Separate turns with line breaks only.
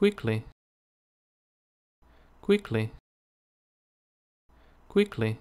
quickly quickly quickly